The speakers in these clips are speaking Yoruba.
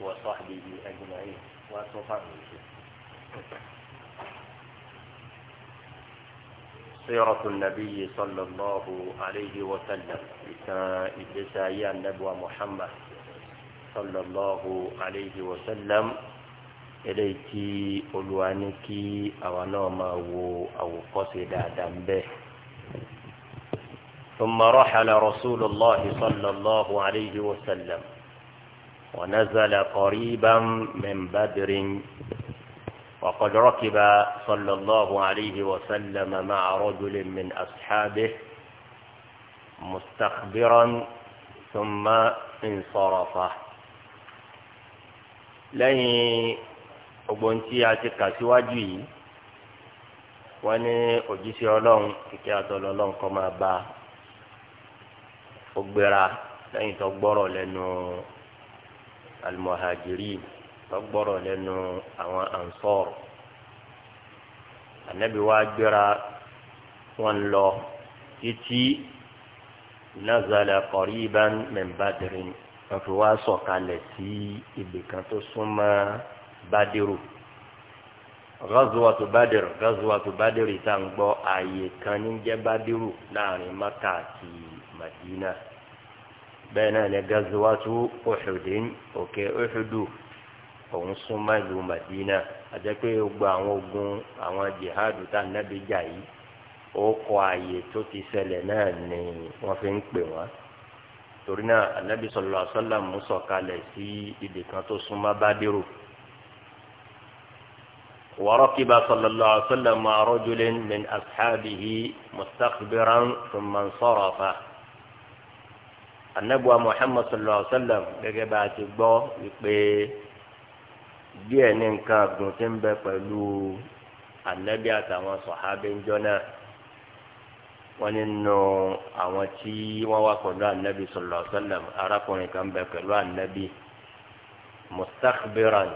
وصحبه أجمعين وأتوقع سيرة النبي صلى الله عليه وسلم لسائي النبوة محمد صلى الله عليه وسلم إليكي ألوانكي أو ní أو قصد أدم به ثم رحل رسول الله صلى الله عليه وسلم ونزل قريبا من بدر وقد ركب صلى الله عليه وسلم مع رجل من أصحابه مستخبرا ثم انصرف لين ọgbọ́n tí a ti kà síwájú yìí wọ́n ní òjíṣẹ́ ọlọ́run kíkẹ́ máa bá a ó tó gbọ́rọ̀ lẹ́nu almuhajirin lọgbọrọ lẹ́nu àwọn ansor anabi wa gbéra wọn lọ títí nazala qariban min badrin wọn fi wá sọ̀kalẹ̀ sí ibì kan tó súnmọ́ badiru gazuwatu badir gazuwatu badir tá à ààyè kan ní jẹ́ badiru láàrin maka madina bẹ́ẹ̀ náà ní gazuwatu uhudin òkè uhudu òun súnmọ́ ìlú madina àjẹpé gbogbo àwọn ogun àwọn jihadu tá nábì jà yìí ó kọ ààyè tó ti ṣẹlẹ̀ náà ni wọ́n fi ń pè wọ́n torí náà anabi sallallahu alaihi wasallam sọ̀kalẹ̀ sí ibì kan tó súnmọ́ bádérò وركب صلى الله عليه وسلم مع رجل من أصحابه مستقبرا ثم انصرف anabuwa muhammad sallallahu alaihi wa sallam gẹ́gẹ́ bá a ti gbọ́ wípé díẹ̀ ní nǹkan gùn ti ń bẹ pẹ̀lú anabi àtàwọn sọ̀hábẹ́ ńjọ́ náà wọ́n nínú àwọn tí wọ́n wá pẹ̀lú anabi sallallahu alaihi wa sallam arákùnrin kan bẹ pẹ̀lú anabi mustakbiran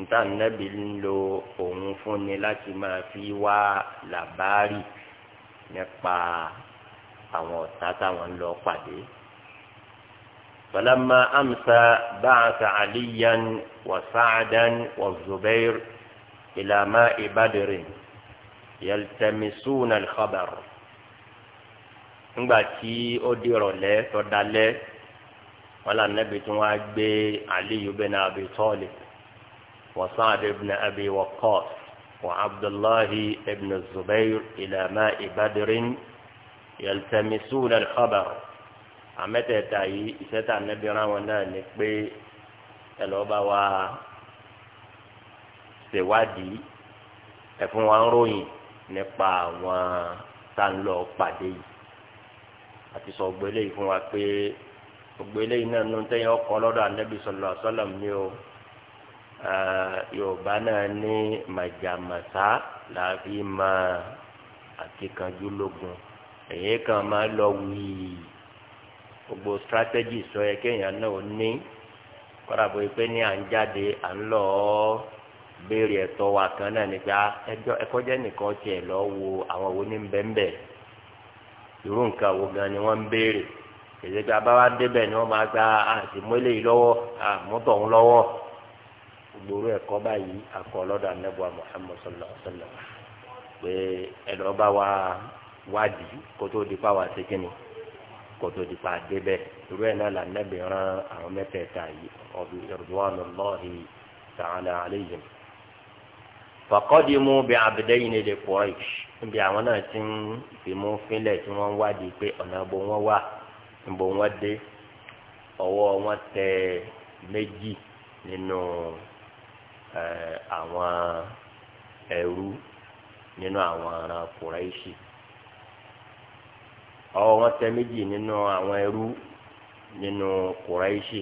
nta anabi ń lo òun fúnni láti máa fi wá làbárì nípa àwọn ọ̀tá táwọn ń lọ pàdé. فلما أمسى بعث عليا وسعدا والزبير إلى ماء بدر يلتمسون الخبر nígbà tí ó di ìrọ̀lẹ́ tó dalẹ́ wọn là nẹ́bi tí wọ́n á gbé aliyu bin abi talib wa sa'ad ibn abi waqqas wa abdullahi ibn zubair ila ma'i badrin yaltamisuna al-khabar àmẹ́tẹ̀ẹ̀ta yìí ìṣẹ́ta nẹ́bìrán wọn náà ni pé ẹ lọ́ọ́ bá wa ṣèwádìí ẹ fún wa ń ròyìn nípa àwọn tá ń lọ pàdé yìí àti sọ gbélé yìí fún wa pé gbélé yìí náà ló ń tẹ́yìn ọkọ̀ lọ́dọ̀ ànábì sallallahu alaihi wasallam o yorùbá náà ní màjàmásá làá fi máa àkíkanjú lógun èyí kan máa lọ wíì gbogbo strategy sọ yẹ kéèyàn náà ní kọ́dà bóyá pé ní à ń jáde à ń lọ ọ́ béèrè ẹ̀tọ́ wa kan náà nígbà ah, ẹjọ́ ẹ̀kọ́jẹ́ nìkan tiẹ̀ lọ wo àwọn wo ní bẹ́ńbẹ́ irú nǹkan wo gan ni wọ́n ń béèrè ìdíje abáwá débẹ̀ ni wọ́n máa gba àtìmọ́lé ah, lọ́wọ́ àmútọ̀ ah, ń lọ́wọ́ gbòòrò ẹ̀kọ́ báyìí akọ́ lọ́dọ̀ anábọ̀ Muhammad sallallahu alaihi pé ẹ̀lọ́ bá wa wádìí kótó di pa wá sí kótó di pa débẹ̀ irú ẹ̀ náà là nẹ́bi ran àwọn mẹ́tẹ̀ẹ̀ta yìí ọ̀bí ridwanullahi ta'ala alayhim. faqadimu bi abdayni li Quraysh níbi àwọn náà ti ń fìmú fínlẹ̀ tí wọ́n ń wádìí pé ọ̀nà ibo wọn wà wọn dé ọwọ́ wọn tẹ méjì nínú àwọn ẹrú nínú àwọn ọwọ́ wọn tẹ méjì nínú àwọn ẹrú nínú kùráìṣì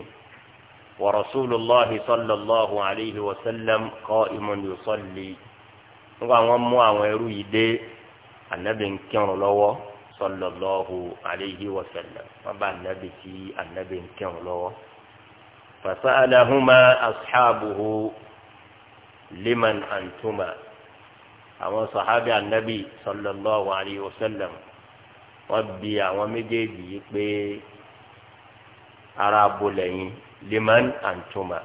wa rasulullahi sallallahu alayhi wa sallam qa'imun yusalli nígbà wọn mú àwọn ẹrú yìí dé anabi ń kírun lọ́wọ́ sallallahu alayhi wa sallam wọn bá anabi tí anabi ń kírun lọ́wọ́ fasalahuma ashabuhu liman antuma àwọn sahabi anabi sallallahu alayhi wa wọ́n bi àwọn méjèèjì yìí pé ara bolẹ̀ yín liman antuma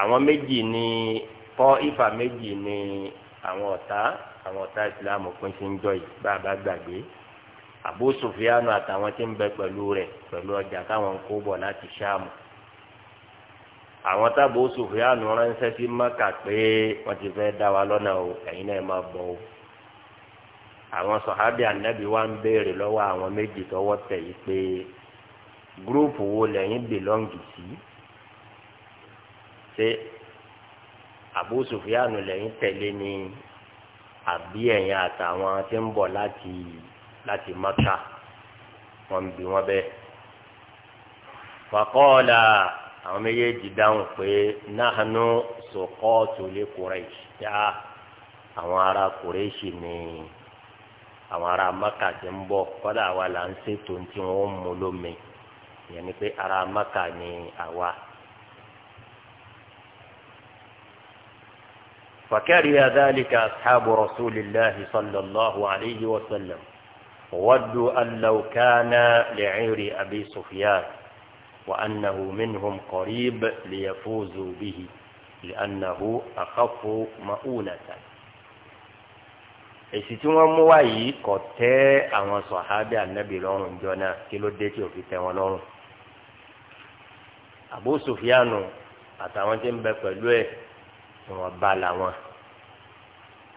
àwọn méjì ní kọ́ ifá méjì ní àwọn ọ̀tá àwọn ọ̀tá ìsìlámù pín sí ń jọ yìí bá a bá gbàgbé Abu Sufyanu àtàwọn tí ń bẹ pẹ̀lú rẹ̀ pẹ̀lú ọjà táwọn ń kó bọ̀ láti ṣáàmù àwọn tábò Sufyanu ránṣẹ́ sí Mẹ́kà pé wọ́n ti fẹ́ dá wa lọ́nà o ẹ̀yin náà máa bọ̀ o àwọn sọ̀hábì ànábì wa ń béèrè lọ́wọ́ àwọn méjì tọwọ́ tẹ̀ yìí pé gúrúùpù wo lẹ́yìn bìlọ́ǹgì sí ṣé Abu Sufyanu lẹ́yìn tẹ̀lé ni àbí ẹ̀yìn àtàwọn tí ń bọ̀ láti láti Maka wọn bí wọn bẹ́ẹ̀. faqala àwọn méjèèjì dáhùn pé nahnu suqatu li Quraysh yá àwọn ará Quraysh ni. àwọn ará maka ti ń bọ̀ kọ́dà àwa là ń ṣètò tí wọ́n mú lómi ìyẹn ni pé ará maka ni àwa. فكره ذلك أصحاب رسول الله صلى الله عليه وسلم ودوا أن لو كان لعير أبي سفيان وأنه منهم قريب ليفوزوا به لأنه أخف مؤونة èsì tí wọn mú wá yìí tẹ tẹ́ àwọn sọ̀hábì ànábì lọ́rùn jọ náà kí ló dé tí o fi tẹ wọn lọ́rùn. àbú sùfíànù àtàwọn tí ń bẹ pẹ̀lú ẹ wọn bá làwọn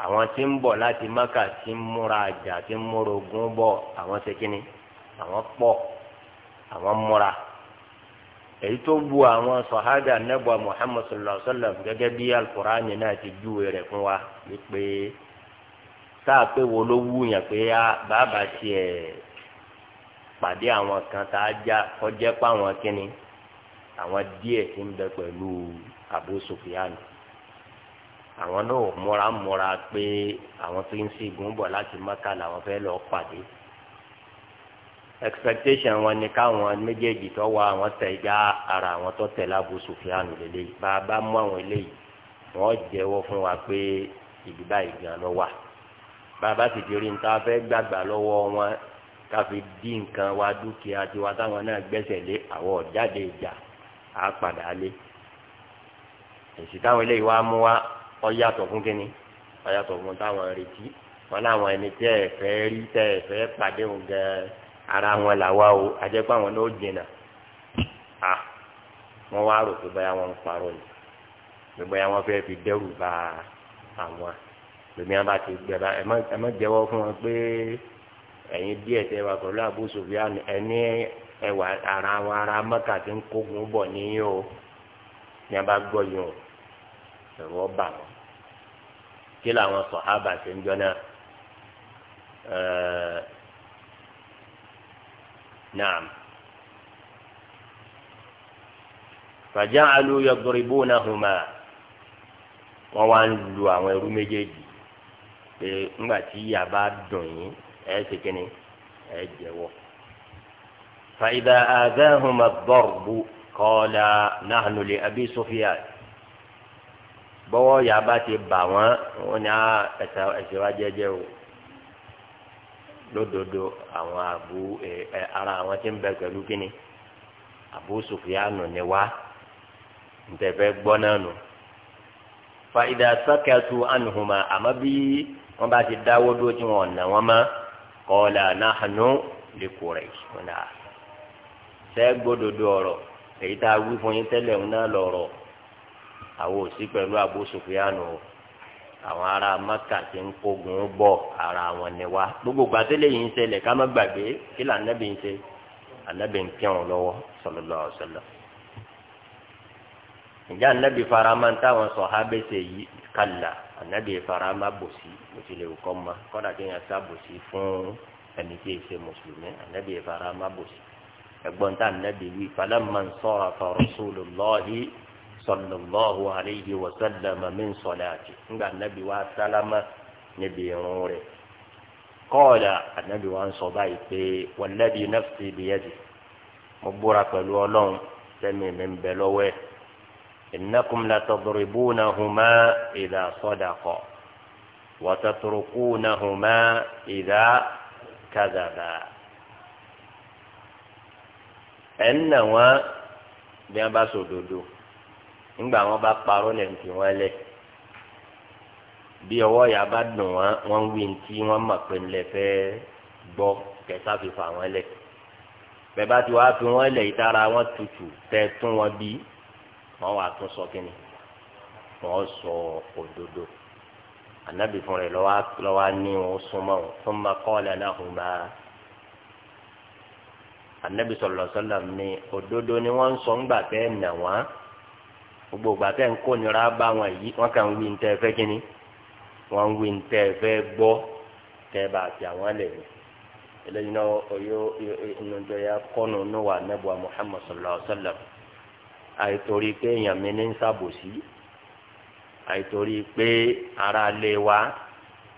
àwọn tí ń bọ̀ láti maka tí ń múra àjà tí ń múra ogun bọ̀ àwọn àwọn àwọn múra èyí tó bu àwọn sallallahu alaihi sáà pé wo ló wú yàn pé á bàbá tiẹ̀ pàdé àwọn kan tá a já kọjá pa kínní àwọn díẹ̀ tí ń bẹ pẹ̀lú Abu Sufyan àwọn náà múra múra pé àwọn tó ń ṣègùn bọ̀ láti Mẹ́kà làwọn fẹ́ lọ pàdé expectation wọn ni káwọn méjèèjì tó wà àwọn tẹ̀ já ara àwọn tó tẹ̀ lábu Sufyan lélẹ́yìí bàbá mú àwọn eléyìí wọ́n jẹ́wọ́ fún wa pé ìdìbà ìgbìyànjú wà bàbá sì ti rí nǹkan afẹ́ gbàgbà lọ́wọ́ wọn káfi dín nǹkan wa dúkìá tiwa táwọn náà gbẹ́sẹ̀ lé àwọn ọ̀jáde ìjà á padà lé èsì táwọn eléyìí wá mú wa ọ̀yàtọ̀ fún kínní ọ̀yàtọ̀ fún táwọn retí wọn láwọn ẹni tẹ́ ẹ fẹ́ rí tẹ́ ẹ fẹ́ pàdé òun gan ara wọn làwa o àjẹpọ̀ àwọn náà ó jìnnà à wọ́n wá rò pé báyà wọn ń parọ́ ni pé báyà wọn fẹ́ fi dẹ́rù bá àwọn lómi àbá ti gbẹ̀rà ẹ má jẹ́wọ́ fún wọn pé ẹ̀yin díẹ̀ tẹ́ wà pẹ̀lú Abu Sufyan ẹni ẹwà ara wa ara mẹ́ka ti ń kógun bọ̀ níyìn o ní a bá gbọ́ yìí o ẹ̀rọ bà wọ́n kí làwọn sàhábà ṣe ń jọ náà ẹ̀ẹ́ naam. fàjà alu yadribunahuma wọn wá ń lu àwọn ẹrú méjèèjì pé ńgbà tí ìyá bá dùn yín ẹ ṣe kíni ẹ jẹ́wọ́. fàyidà àdáhùnmá bọ́ọ̀bù kọ́ọ̀lá nahnu li abi bọ́wọ́ ìyá bá ti bà wọ́n wọ́n ní ah, ẹ̀sẹ̀ wá jẹ́jẹ́ o lódodo àwọn àbú ẹ ara àwọn tí ń bẹ pẹ̀lú kíni àbú ni wá ntẹ̀fẹ́ gbọ́ náà nù. fàyidà sákẹ́tù ànùhùnmá àmọ́ bí. wọn bá ti dáwọ́ dúró tí wọn nà wọn mọ́ kọ́ọ̀là nahnu li Quraysh wọn náà sẹ́gbódodo ọ̀rọ̀ èyí tá a wí fún yín tẹ́lẹ̀ ń ná lọ́rọ̀ àwọn òsì pẹ̀lú Abu Sufyanu o àwọn ará Maka ti ń kógun bọ̀ ara wọn ni wa gbogbo gbàtẹ́lẹ̀ yìí ń ṣẹlẹ̀ ká má gbàgbé kí là ànábì ń ṣe ànábì ń kírun lọ́wọ́ sallallahu ìjà ànábì fara máa ń táwọn sọ̀hábẹ́sẹ̀ yìí kàlà ànábì fara má bòsí bó tilẹ̀ kọ́ ma kọ́dà kí yẹn sá bòsí fún ẹni tí yẹn ṣe mùsùlùmí ànábì fara má bòsí ẹgbọ́n tá ànábì wí falamma sarafa rasulullahi sallallahu alayhi wa sallam min salati ńgbà ànábì wa sálámà níbi irun rẹ̀ kọ́ọ̀dà ànábì wa ń sọ báyìí pé nafsi biyadihi mo búra pẹ̀lú ọlọ́run sẹ́mi mi ń bẹ إنكم لتضربونهما إذا صدقا وتتركونهما إذا كذبا إنما wọn bí wọn bá sòdodo ńgbà wọn bá parọ́ lẹ́ǹtì wọn lẹ bí ọwọ́ yà bá dùn wọn wọn wí ntí wọn mọ̀ pé ńlẹ̀ fẹ́ gbọ́ kẹta fi wọn lẹ bẹ́ẹ̀ bá ti wá fi wọn lẹ ìtara wọn tutù tẹ tún wọn bí wọn wà tún sọ kí ni wọn sọ òdodo anabi fúnra ẹ lọ́wọ́ ní wọn súnmọ́ wọn fún ma kọ́ọ̀lì anáhùnmá anabi sọlọ sọlọ ní òdodo ni wọn sọ ńgbà tẹ nà wọn gbogbo ìgbà tẹ ń kó nira bá wọn yìí wọn kàn ń wí ntẹ fẹ kí ni wọn ń wí ntẹ fẹ gbọ́ tẹ bá fi àwọn lè wí eléyìí náà oyó inú jẹ ya kọ́nù níwà nẹ́bùà muhammad sọlọ sọlọ àìtorí pé èèyàn mi ní ń ṣàbòsí àìtorí pé ara lé wa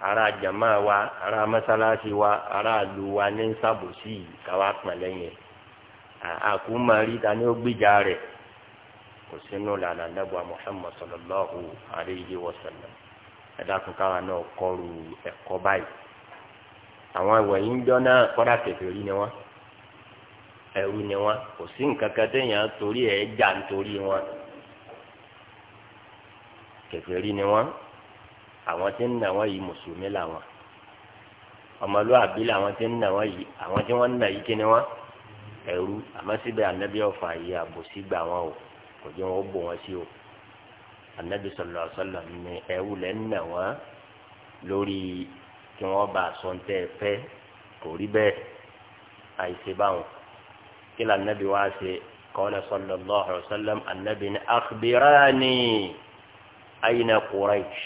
ara jama wa ara mọ́sálásí wa ara ìlú wa ní ń ṣàbòsí káwa pọn lẹ́yìn àkúmọ̀rí ta ni ó gbìjà rẹ̀ kò sínú lànà nàbà Muhammad sallallahu alayhi wa sallam ẹ̀dákun káwa náà kọ́ru ẹ̀kọ́ báyìí àwọn ìwọ̀nyí ń jọ náà kọ́dà kẹfẹ́ rí ni wọ́n ẹrú ni wọn kò sí nǹkan kan téèyàn torí ẹ jà nítorí wọn kèfèrí ni wọn àwọn tí ń nà wọn yìí mùsùlùmí làwọn ọmọlúwàbí làwọn tí ń nà wọn yìí àwọn tí wọn ń nà yìí kí ni wọn ẹrú àmọ́ síbẹ̀ anabi ọfà yìí àbòsí gbà wọn o kò jẹ wọn ó bò wọn sí o anabi sọlọ sọlọ ní ẹrú lẹ ń nà wọn lórí kí wọn bá a sọ ń tẹ ẹ fẹ kò rí bẹ́ẹ̀ àìṣe báwọn. kí la nàbí wá ṣe sallallahu alaihi wasallam ànàbí ni akhbirani ayna Quraysh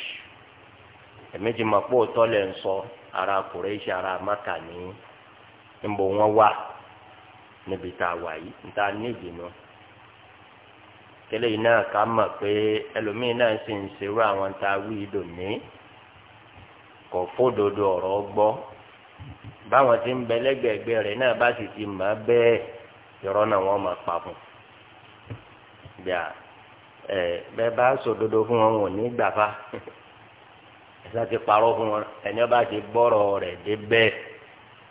èmi ti mọ̀ pé òótọ́ lẹ̀ ń sọ ara Quraysh ara Maka ní níbo wọ́n wà níbi tá nta wà yìí níta ní ìdènà tẹ́lẹ̀ yìí náà ká mọ̀ pé ẹlòmíì náà sì ń ṣerú àwọn tá a wí báwọn ti ń bẹ lẹ́gbẹ̀ẹ́gbẹ́ rẹ̀ náà bá sì ti mọ̀ bẹ́ẹ̀ yọrọ náà wọn máa pa fún a ẹ bẹ́ẹ̀ bá sòdodo fún wọn wọ́n ní gbàfa ẹ̀sà ti parọ́ fún wọn ẹni ọba ti gbọ́rọ̀ rẹ̀ dé bẹ́ẹ̀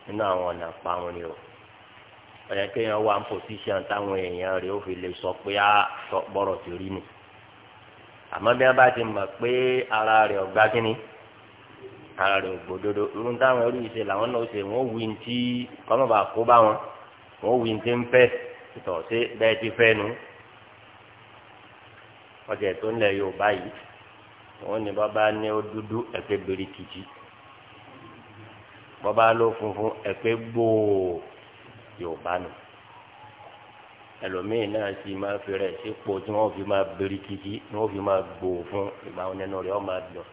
nínú àwọn ọ̀nà pa wọn ni o ọ̀yẹ́ kéèyàn wà ń pòsíṣàn táwọn èèyàn rẹ̀ ó fi lè sọ pé á bọ́rọ̀ ti rí ni àmọ́ bí wọ́n bá ti mọ̀ pé ara rẹ̀ kínní ara rẹ̀ ògbódodo táwọn ẹrú yìí ṣe làwọn náà ṣe wọ́n wí ní ń fẹ́ tọ̀ sí bẹ́ẹ̀ ti fẹ́ nu ọ̀sẹ̀ tó ń lẹ̀ yorùbá yìí wọ́n ní bàbá ní ó dúdú ẹ̀fẹ́ birikiti bàbá ló funfun ẹ̀fẹ́ gbòò yorùbá nù ẹlòmíín náà sì máa fi rẹ̀ sípò tí wọ́n fi máa birikiti ni wọ́n fi máa gbòò fún ìgbà wọn nínú rẹ̀ ọ́ máa dùn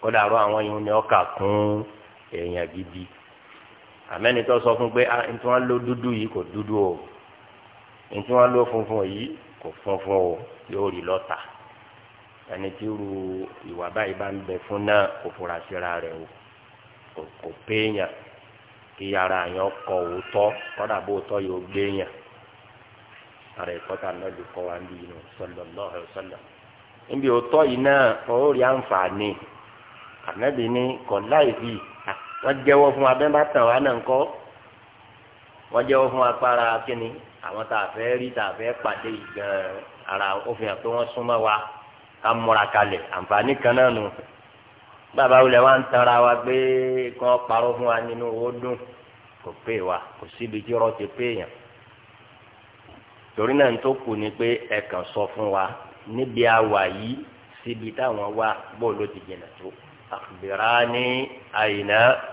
kódà rọ àwọn yìí ni ọ́ kà kún èèyàn gidi. àmẹ́ni tó sọ fún pé ah, ntí wọ́n dudu dúdú yìí kò dúdú o ntí funfun yìí kò funfun o yóò rí lọ́tà ẹni tí ru ìwà báyìí bá ń bẹ fún náà kò fura o kò péyàn kí ara yẹn kọ òótọ́ kọ́dà bó tọ́ yóò gbéyàn ara ìkọ́ta lọ́dù kọ́ wa ń bí inú sallallahu alaihi wasallam níbi òótọ́ yìí náà ó rí àǹfààní ànábì ní kọ̀ láì bíi. wọ́n jẹ́wọ́ fún wa bẹ́ẹ̀ bá tàn wá náà ńkọ́ wọ́n jẹ́wọ́ fún wa para kínní àwọn tá a fẹ́ rí tá a fẹ́ pàdé yìí gan-an ara òfin àti wọ́n súnmọ́ wa ká múra kalẹ̀ àǹfààní kan náà nù bàbá wulẹ̀ wa ń tanra wa pé kàn parọ́ fún wa nínú owó dùn kò pè wa kò síbi tí ọ̀rọ̀ ti pè yàn torí náà tó kù ni pé ẹ sọ fún wa níbi àwà yìí síbi táwọn wà bó ti jìnnà tó àkùbẹ̀rẹ̀ ní àyìnà.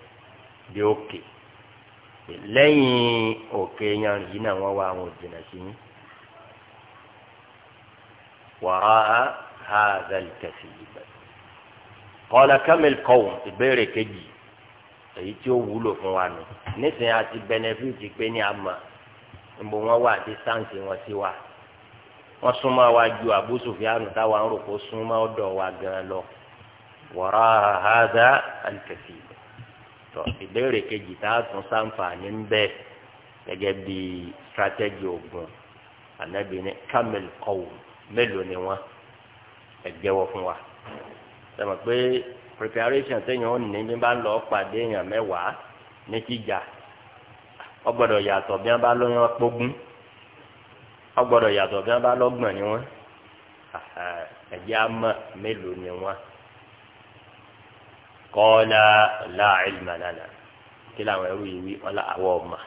dé òkè lẹ́yìn òkè yanrìn yìí náà wọ́n wá àwọn òjìnà sí yín wàá ha zali kẹsì ìgbà kọ́lá kamil kọ́wọ̀n ìbéèrè kejì èyí tí ó wúlò fún wa nù nísìnyí àti bẹnẹfíìtì pé ní àmà níbo wọn wà dísáǹsì wọn sí wa wọn súnmọ́ wa ju Abu Sufyan táwa kó súnmọ́ ọ̀dọ̀ wa gan lọ wàá ha zali kẹsì ìgbà tọ ìbéèrè kejì tá a tún sáǹfààní ń bẹ gẹ́gẹ́ bí strategy ogun anabi ní kamil kọwù mélòó ni wọn ẹgbẹwọ fún wa sọmọ pé preparation tẹyìn ó ní ní bá ń lọ pàdé èèyàn mẹ́wàá ní jíjà wọ́n gbọ́dọ̀ yàtọ̀ bí wọ́n bá lọ́yàn pógún wọ́n gbọ́dọ̀ yàtọ̀ bí wọ́n bá lọ́gbọ̀n ni wọ́n ẹ̀jẹ̀ á mélòó ni wọ́n kọ́ọ́lá láàrínmánánà kí làwọn ẹrú yìí wí ọlá àwọn ọmọ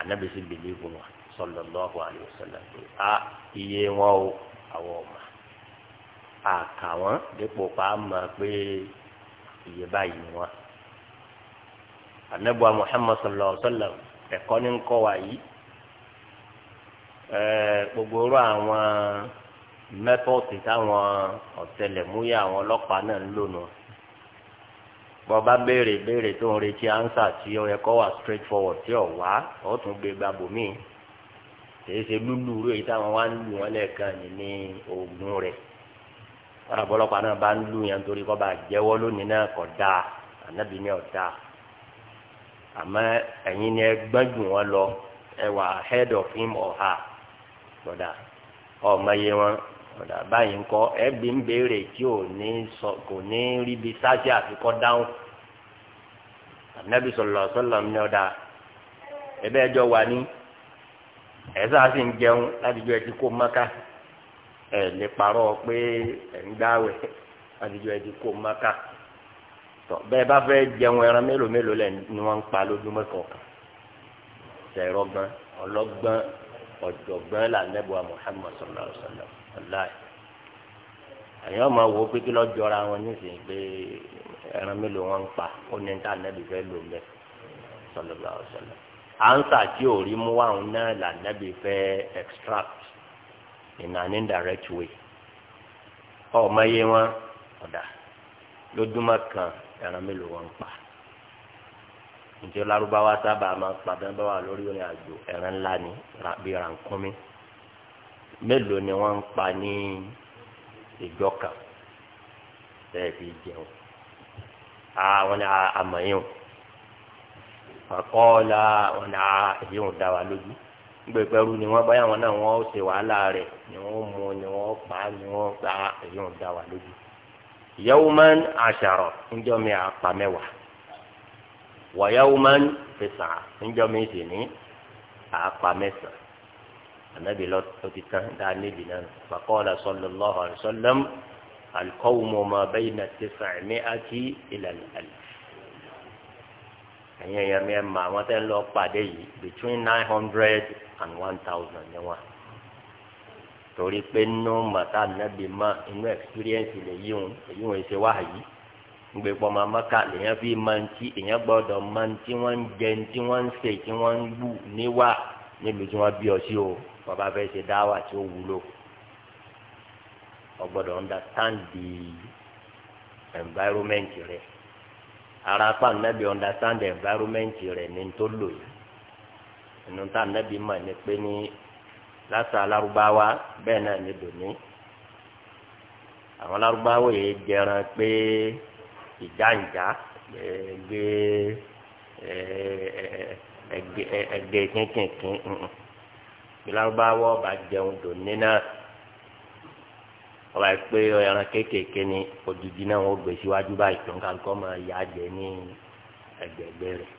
anábìsí bìlíìfù wọn sallallahu alaihi wasallam pé a iye wọn o àwọn ọmọ àkà wọn dípò pa á mọ̀ pé iye báyìí ni wọn. anabuwa muhammad sallallahu alaihi wasallam ẹ̀kọ́ ní nkọ́ wa yìí gbogbo orú àwọn mẹ́tọ́ọ̀tì táwọn ọ̀tẹlẹ̀múyẹ́ àwọn ọlọ́pàá náà ń lò náà. bá béèrè béèrè tó ń retí ansa tí ó yẹ kó wà straight forward tí ó wá ó tún gbé gbàgbó míì kìí ṣe lúlù rẹ táwọn wá ń lù wọn lẹ́ẹ̀kan ní ní ogun rẹ wọn àbọ̀lọpàá náà bá ń lù yẹn nítorí kọ́ bá jẹ́wọ́ lónìí náà ọ̀dà báyìí ńkọ ẹbí ń béèrè tí ò ní sọ kò ní ríbi sáṣẹ àfikọ́ dáhùn ànábì sọlọ sọlọ ní ọ̀dà ẹbẹ ẹjọ wà ní ẹ̀sà sì ń jẹun látijọ́ ẹ ti kó mọ́ká ẹ lè parọ́ pé ẹ̀ ń gbáwẹ̀ látijọ́ ẹ ti kó mọ́ká tọ́ bẹ́ẹ̀ bá fẹ́ jẹun ẹran mélòó mélòó lẹ̀ ni wọ́n ń pa lójúmọ́ kọ̀ọ̀kan sẹ̀rọ̀ ọlọ́gbọ́n ọ̀jọ̀gbọ́n là nẹ́bùwà Muhammad sallallahu alaihi ọláì àyàn máa wo pé kí lọ́ọ́ jọra wọn nísìnyí pé ẹran mélòó wọn ń pa ó ní níta nẹ́bí fẹ́ lò mẹ́ sọlọ́lá ọ̀sọ̀lọ́ ansa tí ò rí mú àwọn náà là nẹ́bí fẹ́ extract in an indirect way ọmọ yé wọn ọ̀dà lójúmọ́ kan ẹran mélòó wọn ń pa ǹjẹ́ lárúbáwá sábà máa ń pa bẹ́ẹ̀ bá wà lórí orin àjò ẹran ńlá ni bí rànkúnmí. Ra, mélòó ni wọ́n ń pa ní ìjọ kan bẹ́ẹ̀ fi jẹun àwọn ni àmọ̀yìn àkọọ́lá wọn ni èyí ò dá wa lójú gbẹgbẹrú ni wọn báyà wọn náà wọn ó ṣe wàhálà rẹ̀ ni wọn ó mú ni wọn pa ni wọn gba èyí dá wa lójú yawman ashara ńjọ́ mi àpá mẹ́wàá wa yawman tis'a ńjọ́ mi sì ní àpá mẹ́sàn anabi lọ ti tán dáa níbi náà faqala sallallahu alaihi wasallam al-qawmu ma bayna tis'mi'ati ila al-alf ẹ̀yin ẹ̀yà mi ẹ̀ mọ àwọn tẹ́ ń lọ pàdé yìí between nine hundred and one thousand ni wọn torí pé nínú màtá nàbì mọ inú experience lè yí òun èyí òun ṣe wá yìí gbé pọ máa mọ́ká lèyàn fi máa ń tí èyàn gbọ́dọ̀ máa ń tí wọ́n ń jẹ tí wọ́n ń ṣe tí wọ́n ń lù níwà nílùú tí wọ́n bí ọ sí o bàbá fẹ́ ṣe dáwà tí ó wúlò o gbọ́dọ̀ understand the environment rẹ ara pa nẹ́bí understand the environment rẹ ní tó lò yìí inú tá nẹ́bí mọ̀ ní pé ní lásà alárúbáwá bẹ́ẹ̀ náà ní dòní àwọn alárúbáwá yìí jẹran pé ìjàǹjà ẹgbẹ́ ẹgbẹ́ ẹgbẹ́ kínkínkín ìlànàbáwọ ọba jẹun tó níná ọba pé ẹran kéékèèké ni òdìdí náà wọn gbé síwájú báyìí tó ń ká kọ́ máa yá jẹ ní ẹgbẹ̀gbẹ̀ rẹ̀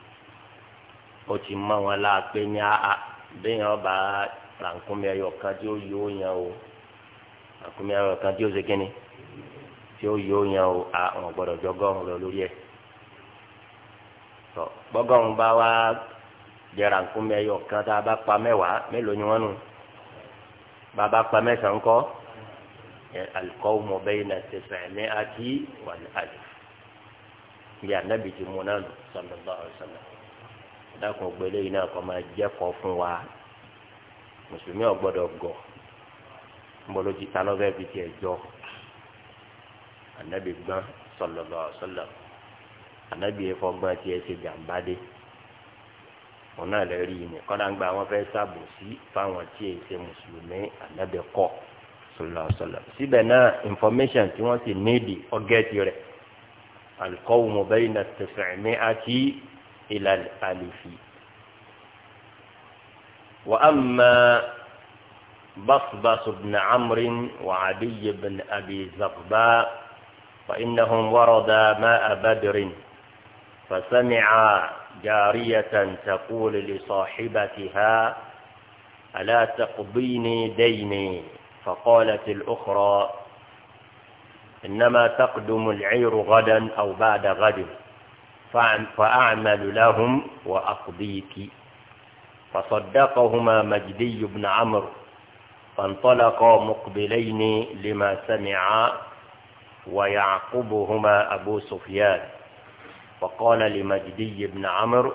ó ti mọ wọn la pé ní a bẹ́ẹ̀ ọba rànkúnmí ẹyọ tí ó yóò yan o rànkúnmí ẹyọ tí ó ṣe kíni tí ó yóò yan o a wọn gbọ́dọ̀ jọgọrùn lọ lórí ẹ tọ bá wa jẹrà nkúmẹ yọ kan tá a bá pa mẹ́wàá mélòó ni wọn nù bàbá pa mẹ́sàn-án kọ́ alikọ́wùmọ̀ bẹ́yìn náà ti sàn ní àti wà ní àlè bí anabi ti mú náà lò sallallahu alaihi wasallam dákun gbélé yìí náà kọ́ máa jẹ́kọ̀ọ́ fún wa mùsùlùmí ò gbọ́dọ̀ gọ̀ nbọlọ ti ta lọ́fẹ́ fi tiẹ̀ jọ anabi gbọ́n sallallahu alaihi wasallam anabi yẹ fọ́ gbọ́n tiẹ̀ jàmbá dé wọn náà lè rí ni kọ́dà ń gba àwọn fẹ́ sàbòsí fáwọn tí èyí ṣe mùsùlùmí ànábẹ́ kọ́ sọlọ́sọlọ́ síbẹ̀ náà information tí wọ́n sì níìdì ọgẹ́tì rẹ̀ alqawmu bayna at-tis'mi'ati ila al-alifi. wa amma بصبص بن عمرو وعدي بن أبي زغباء فإنهم وردا ماء بدر فسمع جارية تقول لصاحبتها ألا تقضيني ديني فقالت الأخرى إنما تقدم العير غدا أو بعد غد فأعمل لهم وأقضيك فصدقهما مجدي بن عمرو فانطلقا مقبلين لما سمعا ويعقبهما أبو سفيان فقال لمجدي بن عمرو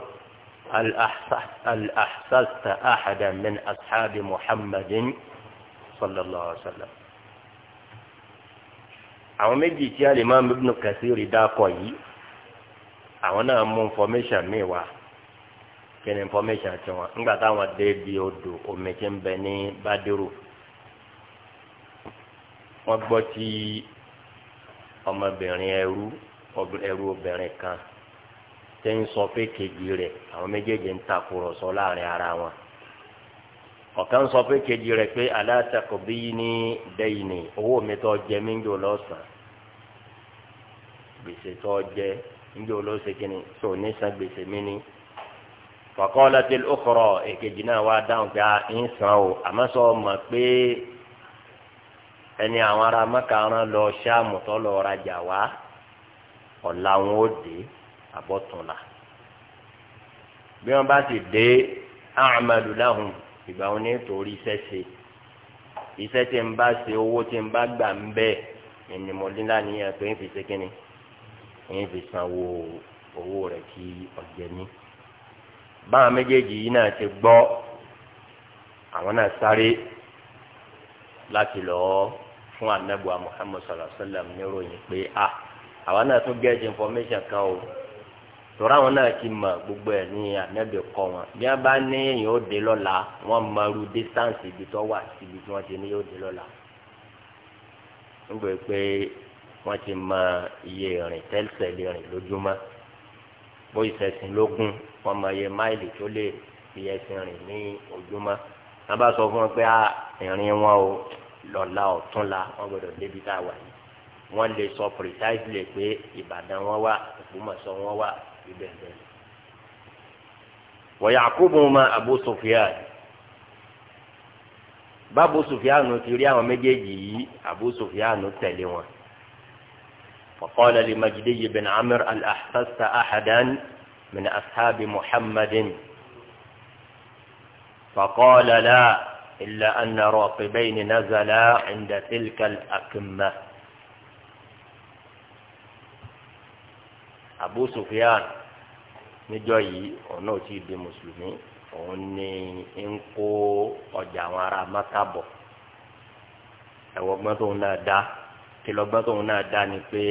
هل أحسست أحدا من أصحاب محمد صلى الله عليه وسلم àwọn méjì tí alimami ibn kasiri dákọ yìí àwọn náà mú information mi wá kí ni information ti wọn ńgbà táwọn dé bi odò omi tí ń bẹ ní badiru wọn gbọ́ tí ọmọbìnrin ẹrú ẹrú obìnrin kan tẹ́ ń sọ pé kejì rẹ̀ àwọn méjèèjì ń takùrọ̀sọ láàrin ara wọn ọ̀kan sọ pé kejì rẹ̀ pé ní bẹ́yìn ni owó mi tó jẹ mí ń jò lọ́sàn gbèsè tó jẹ ń jò lọ́sẹ̀ kínní tó ní san gbèsè mi ní faqalat al-ukhra èkejì náà wá dáhùn pé san o àmọ́ sọ ma pé ẹni àwọn ará mọ́kàrán lọ ṣáàmù tó lọ rajà wá ọ̀la ó àbọ̀túnla bí wọ́n bá sì dé ahmadu lahun ìgbà wọn ní torí iṣẹ́ ṣe iṣẹ́ tí ń bá ṣe owó tí ń bá gbà ń bẹ́ẹ̀ ẹni mọ̀lẹ́lá nìyẹn pé ń fi ṣe kínni ń fi sanwó owó rẹ̀ kí ọ̀jẹ̀ ní. báwọn méjèèjì yìí náà ti gbọ́ àwọn náà sáré láti lọ́ọ́ fún anabu muhammad sallallahu alaihi wa sallam níròyìn pé a ah, àwa náà tún get information kan o tọ́ra wọn náà ti mọ̀ gbogbo ẹ̀ ní ànábì kọ́ wọn bí wọ́n bá ní èèyàn ó dé lọ́la wọ́n mọ irú distance ibi tó wà síbi tí wọ́n ti ní yóò dé lọ́la nígbà pé wọ́n ti mọ iye ìrìn tẹ́lifẹ̀lì rìn lójúmọ́ bó ìṣẹ̀sìn lógún wọ́n mọ iye máìlì tó lè fi ẹsìn rìn ní ojúmọ́ wọ́n bá sọ fún wọn pé ah, ìrìn wọn ò lọ́la ọ̀túnla wọ́n gbọ́dọ̀ débi tá a wà yìí wọ́n lè sọ precisely pé Ìbàdàn wọn wà Ògbómọ̀ṣọ́ wọn wà ما أبو سفيان بابو سفيان ti rí ابو سفيان yìí فقال لمجدي بن عمر هل احسست أحدا من أصحاب محمد فقال لا إلا أن راقبين نزلا عند تلك الأكمة Abu Sufyan níjọ́ yìí òun náà ti di mùsùlùmí òun ni ń kó ọjà àwọn ará Maka bọ̀ ẹ̀wọ̀gbọ́n tóun náà dá kìlọ̀gbọ́n tóun náà dá ni pé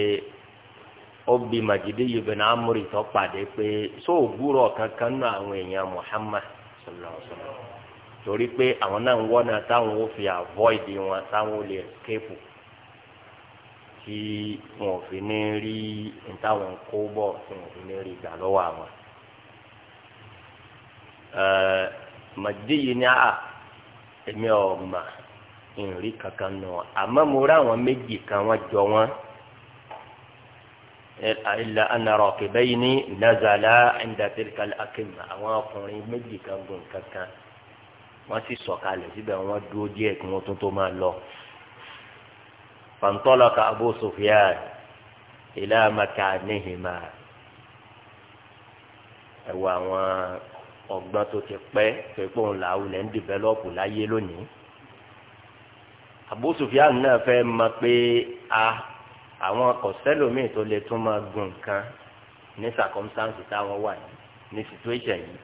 ó bi màjídé yìí bẹ̀rẹ̀ náà tó pàdé pé sóògùrọ̀ kankan náà àwọn èèyàn Muhammad sallallahu alaihi wasallam torí pé àwọn náà ń wọ́nà táwọn ó fi avoid wọn táwọn ó lè escape tí wọn ò fi ní rí ntáwọn kó bọ̀ tí wọn ò fi ní rí gbà lọ́wọ́ àwọn. màdí yìí ni a èmi ò mà ìrìn kankan nù àmọ́ mo rí àwọn méjì kan wọ́n jọ wọ́n ilà anarọ kẹbẹ yìí ní nazala indatirikali akema àwọn ọkùnrin méjì kan gùn kankan wọ́n sì sọ̀kalẹ̀ síbẹ̀ wọ́n dúró díẹ̀ فانطلق أبو سفيان إلى مكانهما ẹwọ àwọn ọgbọ́n tó ti pẹ́ tó pé òun là wulẹ̀ ń dìbẹ́lọ́pù láyé lónìí Abu Sufyan náà fẹ́ mọ̀ pé a àwọn kọ̀sẹ́lòmíì tó lè tún máa gùn nǹkan ní circumstance táwọn wà yìí ní situation yìí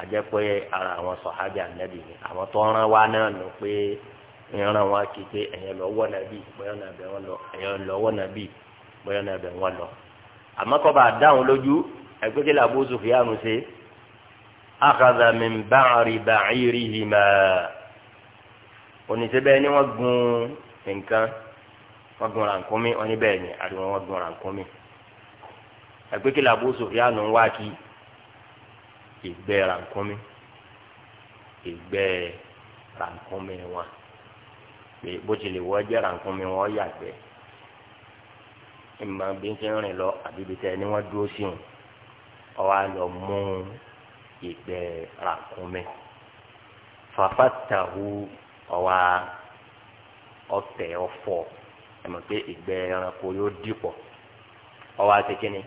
àjẹpẹ́ ara àwọn sọ̀hábì ànábì ni àwọn tó ń rán wa náà lọ pé ìran àwọn akéde ẹ̀yàn lọ́wọ́ nàbí bọ́yọ̀ nàbẹ̀ wọn lọ ẹ̀yàn lọ́wọ́ nàbí bọ́yọ̀ nàbẹ̀ wọn lọ. àmọ́ kọ́ bá dáhùn lójú ẹgbẹ́ kí làbó Sufyan ṣe akhadha min ba'ri ba'irihima oníṣẹ́bẹ́ ni wọ́n gun nǹkan wọ́n gun rànkúnmí wọ́n ní bẹ́ẹ̀ ni àdìwọ́n wọ́n gun rànkúnmí ẹgbẹ́ kí làbó Sufyan ń wá kí ìgbẹ́ rànkúnmí ìgbẹ́ rànkúnmí wọn pé bó ti lè wọ́ jẹ́ra nǹkan mi wọ́n yàgbẹ́ ìmọ̀ bí ń ṣe ń rìn lọ àbíbi tẹ ni wọ́n dúró sí wọn ọwọ́ á mú ìgbẹ́ ràkúnmí fàfàtàwù ọwọ́ ọ̀tẹ̀ ọ̀fọ̀ ẹ̀mọ̀ pé ìgbẹ́ ẹranko yóò dìpọ̀ ọwọ́ àti kínní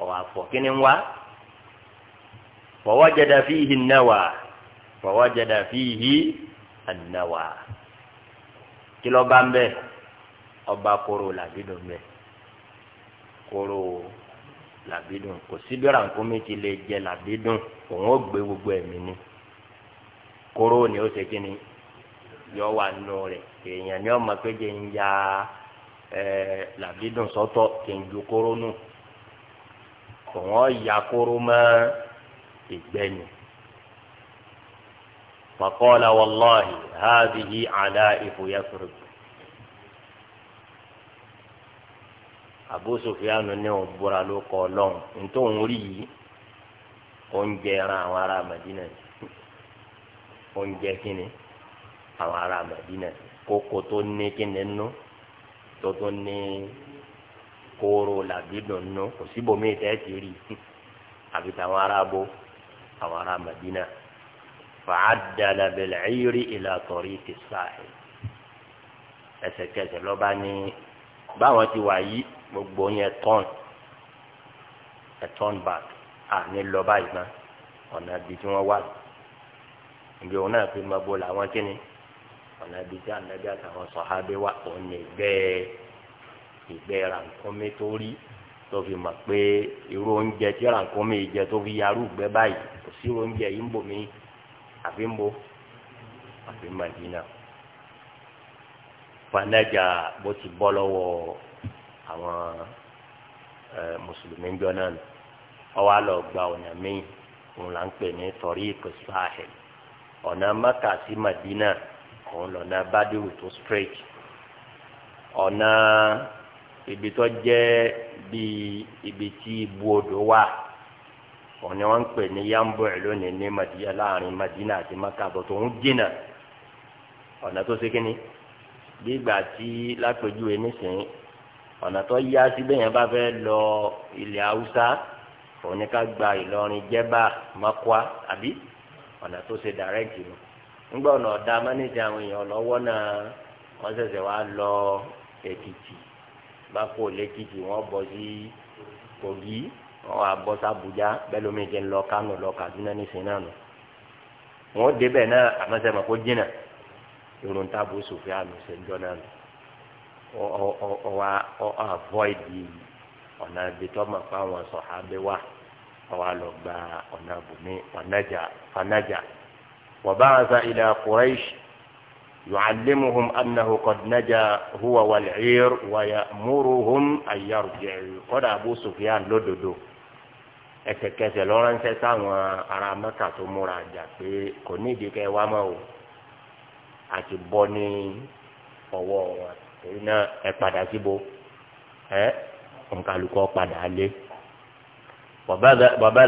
ọwọ́ àfọ̀ kínní ń wá fọwọ́ jẹ́dá fíìhì náwà fọwọ́ jẹ́dá fíìhì ànáwà. kí ló bá ń bẹ ọba kóró làbídùn bẹ kóró làbídùn kò síbi ti lè jẹ òun gbé gbogbo ẹ̀mí ni ni ó ṣe kí ni yọ wà nù èèyàn ni ọmọ pé ya ẹ làbídùn sọ́tọ̀ n ju nù ya فقال والله هذه علائف يثرب Abu Sufyan ní òun búra ló kọ Ọlọ́run nítorí òun rí yìí oúnjẹ ran àwọn ará Madina oúnjẹ kíni àwọn ará Madina kókó tó ní kíni nú tó tó ní kóró làbídùn kò síbòmí tẹ́ ti rí àbí tàwọn ará fàádàlà bẹ̀lẹ̀ ayírí ìlàtọ̀rí ti sáàhìn ẹsẹ̀kẹsẹ̀ lọ́ba ní báwọn ti wà yí gbogbo yẹn tọ́n ẹ̀ tọ́n back à ní lọ́ba yìí náà ọ̀nà ibi tí wọ́n wà níbi òun náà fi máa bo làwọn kíni ọ̀nà ibi tí ànágbé àtàwọn sọ̀hábé wà òun ní ìgbẹ́ ìgbẹ́ rànkómi tó rí tó fi mọ̀ pé irú oúnjẹ tí rànkómi jẹ tó fi yarú ìgbẹ́ báyìí kò sí irú oúnjẹ yìí ń bò mí àfi ń bo àfi Madina fanajà bó ti bọ́ lọ́wọ́ àwọn mùsùlùmí jọ náà nù ọwọ́ àlọ́ gba ọ̀nà míì òun là ń pè ní tariq sahel ọ̀nà Mẹ́kà sí Madina òun lọ́nà bádìwù tó straight ọ̀nà ibi tó jẹ́ bíi ibi tí ibu odò wà òní wọn ń pè ní yambo lónìí ní madina láàrin madina àti makabo tó ń jìnnà ọ̀nà tó ṣe kínní bí ìgbà tí lápèjúwe nísìnyí ọ̀nà tó yá sí bẹ́yẹn bá fẹ́ lọ ilẹ̀ haúsá òní ká gba ìlọrin jẹ́bà makwa àbí ọ̀nà tó ṣe dàrẹ́ǹtì lọ ńgbà ọ̀nà ọ̀dà mánìjà àwọn èèyàn lọ́wọ́ náà wọ́n ṣẹ̀ṣẹ̀ wá lọ èkìtì bá kó lẹ́kìtì wọ́n bọ̀ sí kogi wọn wà bọ́ sàbújá bẹ́ẹ̀ lómi jẹ́ ńlọ kánò lọ Kaduna nísìn náà nù wọn débẹ̀ náà àmọ́sẹ̀ mọ̀ kó jìnnà irun tábù sòfin àmì ṣèjọ́ náà nù ọwa avoid ọ̀nà abitọ́ ma fa àwọn sọ̀hábẹ́ wa ọwa lọ gba ọ̀nà bùnmi fanajà wàbáàzà ilà quraish yucallimuhum annahu qad naja huwa walciir waya muruhum ayarjici kódà abu sufyan lódodo. ẹsẹ̀kẹsẹ̀ lọ́ránṣẹ́ sáwọn ará mọ́tà tó múra jà pé kò nídìí kẹ́ wá mọ́ o àti bọ ní ọwọ wọn torí náà ẹ padà síbo ẹ padà lé bàbá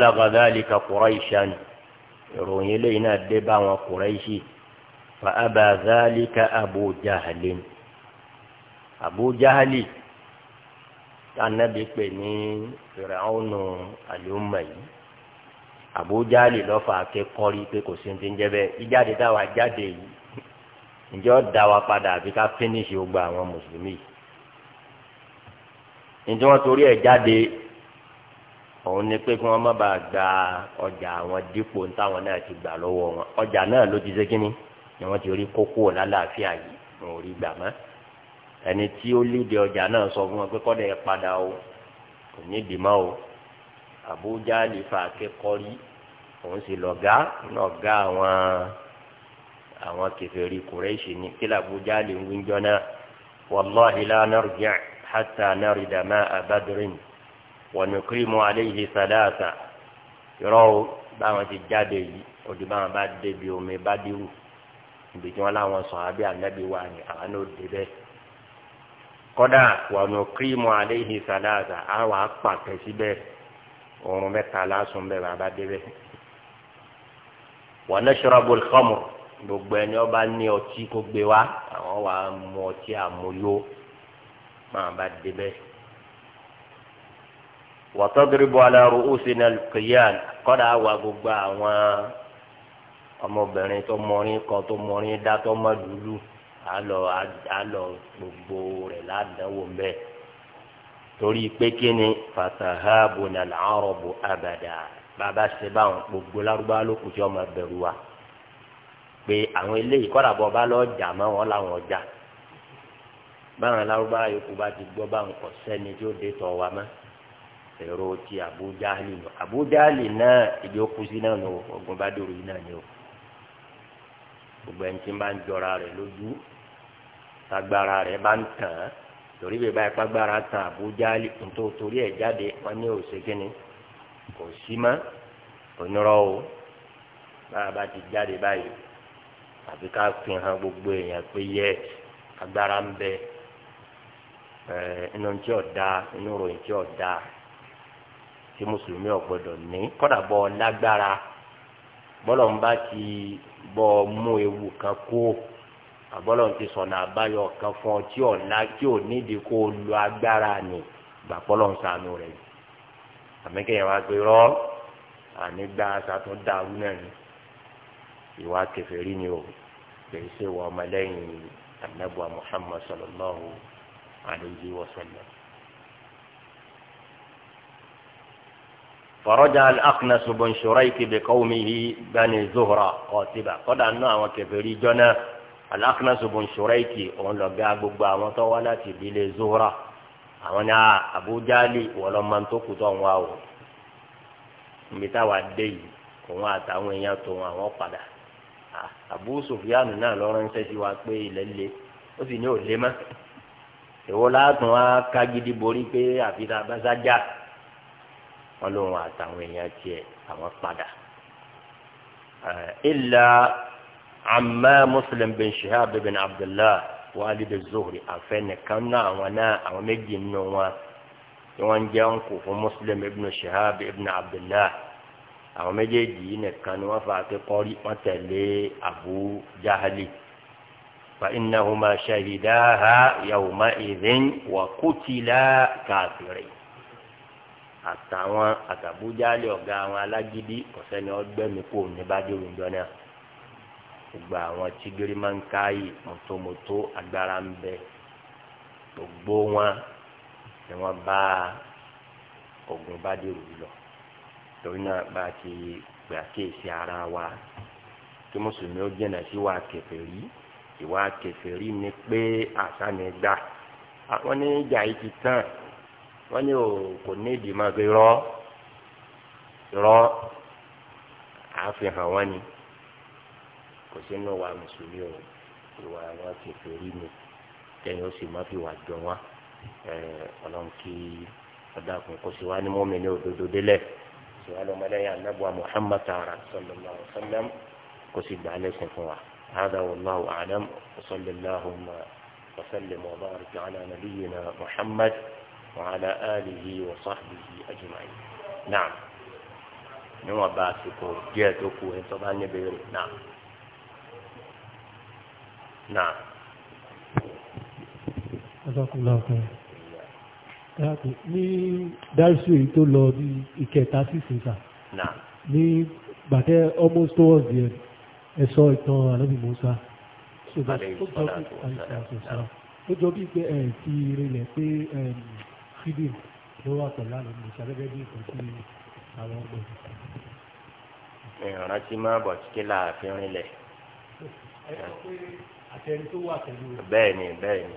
ìròyìn eléyìí Abu Abu anabi pè ní fìràwọnù àlùmọ yìí àbújáàlì lọfà akẹkọrí pé kò sí ti ń jẹ bẹ́ẹ̀ ìjáde táwa jáde yìí ǹjẹ́ ó dá wa padà àbí ká fínísì ogbà àwọn mùsùlùmí yìí ǹjẹ́ wọ́n torí ẹ̀ jáde òun ni pé kí wọ́n má bàa gba ọjà àwọn dípò táwọn náà ti gbà lọ́wọ́ wọn ọjà náà ló ti ṣe kínní ni wọ́n ti rí kókó lálàáfíà yìí wọn ò rí gbà mọ́ ẹni tí ó léde ọjà náà sọ fún wọn pé kọ́dà ẹ padà o kò ní ìdìmọ́ o àbújá lè fa akẹ́kọ̀ọ́ rí òun sì lọ̀gá lọ̀gá àwọn àwọn kèfèrí kùrẹ́ṣì ní kí làbújá lè ń wíjọ́ náà wàlláhi la narji' hatta narida ma'a badrin wa nukrimu alayhi thalatha yọrọ o báwọn ti jáde yìí òdi báwọn bá débi omi bá dirú ibi tí wọn láwọn sọ abẹ́ ànábi wà ní àwọn náà débẹ̀ kọ́dà wàmú kírímù aléhi sàdáàsà á wàá pàtẹ síbẹ̀ òun mẹ́ta lásùn bẹ́ẹ̀ bàbá débẹ̀. wà ní sọ́rọ́bù kọ́mù gbogbo ẹni ọba ní ọtí kó gbé wá àwọn wàá mú ọtí àmúyó máa bá débẹ̀. wàtọ́gìrìbọ̀ alárò òsínà kìyàn kọ́dà wà gbogbo àwọn ọmọbìnrin tó mọrin kan tó mọrin dá tó mọ lùlù àlọ́ àlọ́ gbogbo rẹ̀ ládàáwò mbẹ́ torí pé kí ni fatahabu nàlárọ̀bù abàdà bàbá ṣe báwọn gbogbo lárúbáwá ló kù tí ọmọ bẹ̀rù wa pé àwọn eléyìí kọ́dà bọ́ bá lọ́ọ́ jà mọ́ wọn làwọn ọjà báwọn alárúbáwá yòókù bá ti gbọ́ báwọn kọ̀ sẹ́ni tí ó dé tọ̀ wa mọ́ èrò ti àbújáàlì nù àbújáàlì náà ìdí ó sí náà nù ogun bá dòrò yìí náà ni o gbogbo ẹni tí ń bá ń jọra rẹ̀ lójú tagbara rẹ̀ bá ń tàn án torí bẹ́ẹ̀ báyìí pàgbára tàn àbújá tó torí ẹ̀ jáde wọ́n ní òṣèkínní kò sí mọ́ onírọ́ o báyà bá ti jáde báyìí àbí ká fi hàn gbogbo èèyàn pé yẹ agbára ń bẹ inú tí ò da inú ròyìn tí ò da tí mùsùlùmí ò gbọdọ̀ ní kọ́dà bọ́ lágbára bọ́lọ̀ ń bá ti bọ́ mú ewu kan kó. àbọ̀lọ̀ ti sọ̀nà àbáyọ kan fún ọ tí ọ̀la tí ò nídìí kó o lo agbára ni gbàpọ̀lọ̀ ń sànù rẹ̀ àmẹ́kẹ́ yẹn wá pé rọ́ ànígbà sàtún dàrú náà ni ìwà kèfèrí ni o kì í ṣe wọ ọmọlẹ́yìn anabuwa Muhammad sallallahu alayhi wa sallam. فرجع الأقنص بن شريك بقومه بني زهرة قاتبة قد أنه وكفري جنة Al-Aqnas bun Shurayki òun lọ́gá gbogbo àwọn tó wá láti ìdílé Zuhra àwọn ní Abu Jali wọlọ́ máa ń tó kù tó ń wá o níbi táwa dé yìí òun àtàwọn èèyàn tó àwọn padà Abu Sufyan náà lọ́rọ́ ń sẹ́sí wa pé ilẹ̀ le ó sì ní òlé mọ́ èwo látún á kágídí borí pé àfi tá wọn lòun àtàwọn èèyàn tiẹ̀ àwọn padà amma muslim bin shihab bin abdullah walid zuhri afẹnìkan náà àwọn náà àwọn méjì nínú wọn tí wọn jẹ ń kó fún muslim ibn shihab ibn abdullah àwọn méjèèjì yìí nìkan ni wọn fà á kékọrí wọn tẹ̀lé abu jahali fa innahuma shahidaha yawma idhin wa qutila kafirin àtàwọn àtàbújálè ọgá àwọn alágídí kọsẹni ọgbẹmí kò ní bá dé òǹjọ náà gbogbo àwọn tí gírímánkáyì mọ̀tòmọ̀tò agbára ń bẹ gbogbo wọn ni wọn bá ogun bá dèrò lọ torí náà bá a ti gbà kéèsì ara wa kí mùsùlùmí ó jìnnà sí wa kèfèrí ìwà kèfèrí ni pé àsánì gbà wọn ní ìjà yìí ti tán wọn ní kò ní ìdìmọ̀ pé rọ rọ àfihàn wọn ni kò sínú wa mùsùlùmí o ìwà wọn ti torí mi tẹ́yìn ó sì má fi wà jọ wá ọlọ́run kí ọ̀dàkùn kò sí wa ní mọ́mí ní òdodo délẹ̀ sí wa lọ́mọlẹ́yìn anábùwà muhammad tààrà sallallahu alaihi wasallam kò sì gbà á lẹ́sìn fún wa. هذا والله أعلم وصلى اللهم وسلم وبارك على نبينا محمد وعلى آله وصحبه أجمعين نعم نوع باسكو جاتكو انتظرني بيري نعم náà. ọlọ́kùnrin ọ̀kan ní dárísù èyí tó lọ ní ìkẹta sí ìsìnkà ní gbàtẹ́ almost towards the end ẹ sọ ìtàn ànábì Mùsá ó jọ bí pé ẹ ti rinlẹ̀ pé fídíò ló wà pẹ̀lú ànábì Mùsá gẹ́gẹ́ bí ìtàn sí àwọn ọmọ ìrántí máa bọ̀ kíkẹ́ láàfin rinlẹ̀ àtẹni tó wà pẹ̀lú rẹ̀. bẹ́ẹ̀ni bẹ́ẹ̀ni